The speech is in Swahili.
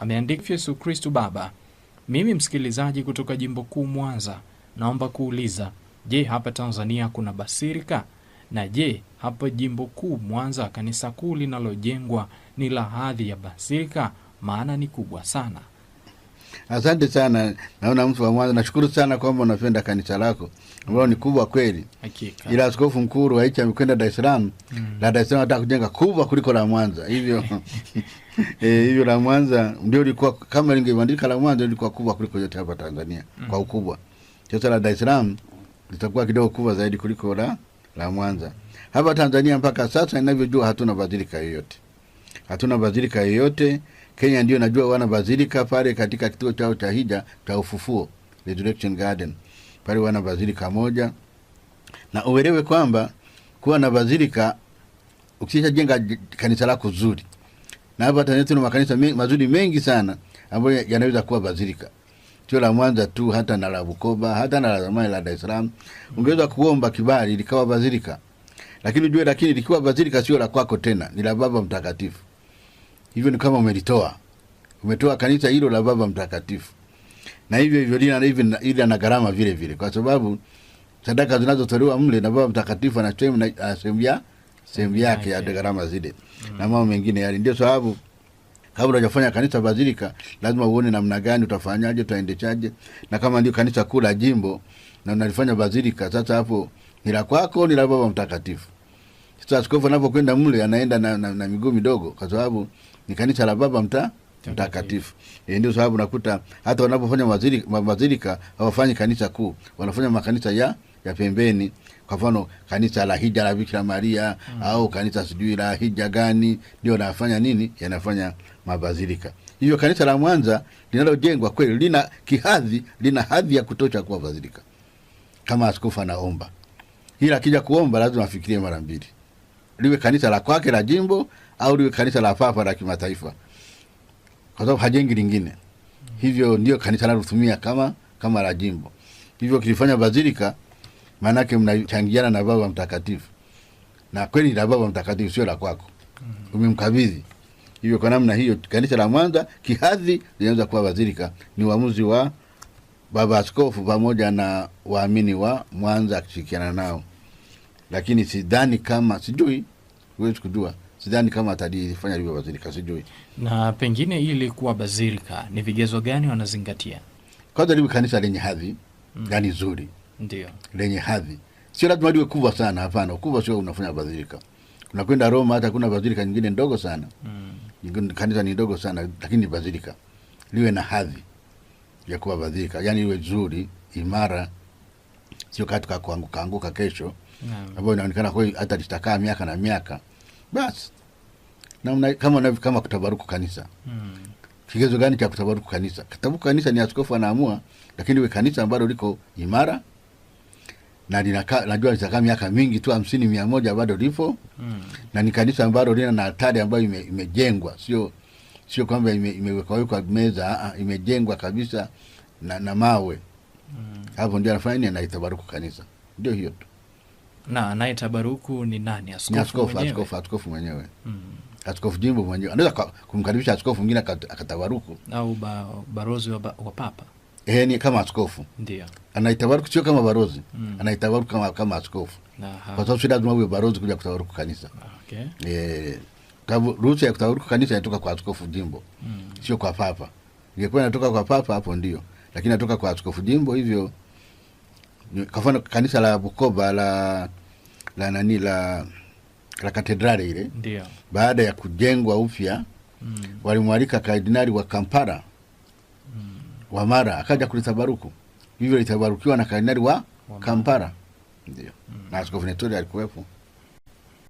ameandika Yesu Kristu Baba. Mimi msikilizaji kutoka jimbo kuu Mwanza, naomba kuuliza, je, hapa Tanzania kuna basirika? Na je, hapa jimbo kuu Mwanza kanisa kuu linalojengwa ni la hadhi ya basirika? Maana ni kubwa sana. Asante sana, naona mtu wa Mwanza. Nashukuru sana kwamba unapenda kanisa lako ambalo ni kubwa kweli, Ila askofu mkuru wa hichi amekwenda Dar es Salaam mm. la Dar es Salaam anataka kujenga kubwa kuliko la Mwanza, hivyo eh, hivyo la Mwanza ndio likuwa kama lingebadilika, la Mwanza likuwa kubwa kuliko yote hapa Tanzania mm. kwa ukubwa. Sasa la Dar es Salaam litakuwa kidogo kubwa zaidi kuliko la la Mwanza. Hapa Tanzania mpaka sasa inavyojua, hatuna bazilika yoyote, hatuna bazilika yoyote Kenya ndio najua wana bazilika pale katika kituo chao cha hija cha Ufufuo, Resurrection Garden pale wana bazilika moja, na uelewe kwamba kuwa na bazilika jenga kanisa lako zuri, na hapa Tanzania tuna makanisa mazuri mengi sana ambayo yanaweza kuwa bazilika, sio la Mwanza tu, hata na la Bukoba, hata na la zamani la Dar es Salaam. Ungeweza kuomba kibali likawa bazilika, lakini ujue, lakini likiwa bazilika sio la kwako tena, ni la Baba Mtakatifu hivyo ni kama umelitoa, umetoa kanisa hilo la Baba Mtakatifu, na hivyo hivyo lina hivi ile ana gharama vile vile, kwa sababu sadaka zinazotolewa mle na Baba Mtakatifu ana sehemu na sehemu ya sehemu yake ya gharama zile mm. na mambo mengine yale, ndio sababu kabla hujafanya kanisa bazilika lazima uone namna gani utafanyaje, utaendeshaje, na kama ndio kanisa kuu la jimbo na unalifanya bazilika, sasa hapo ni la kwako, ni la Baba Mtakatifu. Sasa askofu anapokwenda mle anaenda na, na, na miguu midogo, kwa sababu ni kanisa la Baba mta mtakatifu. E, ndio sababu nakuta hata wanapofanya mazirika hawafanyi kanisa kuu, wanafanya makanisa ya ya pembeni. Kwa mfano kanisa la hija la Bikira Maria mm. au kanisa sijui la hija gani, ndio nafanya nini, yanafanya mabazirika Hivyo kanisa la Mwanza linalojengwa kweli lina kihadhi, lina hadhi ya kutosha kuwa bazirika kama askofu anaomba, ila akija kuomba lazima afikirie mara mbili, liwe kanisa la kwake la jimbo au liwe kanisa la papa la kimataifa, kwa sababu hajengi lingine. Hivyo ndio kanisa linalotumia kama kama la jimbo. Hivyo kilifanya bazilika, maana yake mnachangiana na baba mtakatifu, na kweli la baba mtakatifu sio la kwako, mm-hmm. umemkabidhi. Hivyo kwa namna hiyo kanisa la Mwanza kihadhi linaweza kuwa bazilika, ni uamuzi wa baba askofu pamoja na waamini wa Mwanza akishirikiana nao, lakini sidhani kama, sijui, huwezi kujua sidhani kama atalifanya hivyo Bazilika, sijui. Na pengine ili kuwa bazilika ni vigezo gani wanazingatia? Kwanza liwe kanisa lenye hadhi mm. yani zuri, ndio lenye hadhi, sio lazima liwe kubwa sana. Hapana, kubwa sio unafanya bazilika. Unakwenda Roma, hata kuna bazilika nyingine ndogo sana mm. nyingine kanisa ni ndogo sana, lakini ni bazilika liwe na hadhi ya kuwa bazilika, yani iwe zuri, imara, sio katika kuanguka anguka kesho, ambayo inaonekana kwa hata litakaa miaka na miaka mm basi namna kama unavyo kama kutabaruku kanisa hmm. Kigezo gani cha kutabaruku kanisa? katabuku kanisa ni askofu anaamua, lakini we kanisa ambalo liko imara na ninaka, najua litakaa miaka mingi tu hamsini mia moja bado lipo mm. na ni kanisa ambalo lina na hatari ambayo imejengwa ime, sio sio kwamba imewekawekwa ime meza imejengwa kabisa na, na mawe mm. Hapo ndio anafanya nini, anaitabaruku kanisa, ndio hiyo tu na anayetabaruku ni nani? Askofu mwenyewe, mm. askofu jimbo mwenyewe anaweza kumkaribisha askofu mwingine akatabaruku, au ba, barozi wa, ba, wa papa e, ni kama askofu ndio anaitabaruku, sio kama barozi mm. Anaitabaruku kama, kama askofu, kwa sababu si lazima uwe barozi kuja kutabaruku kanisa. Okay. E, ruhusa ya kutabaruku kanisa inatoka kwa askofu jimbo mm. Sio kwa papa. Ingekuwa inatoka kwa papa, hapo ndio, lakini inatoka kwa askofu jimbo, hivyo kwa mfano kanisa la Bukoba la la nani la la katedrali ile ndio baada ya kujengwa upya mm. walimwalika kardinali wa Kampala mm. wa Mara akaja kulitabaruku, hivyo litabarukiwa na kardinali wa Kampala ndio mm. na askofu Netori alikuwepo.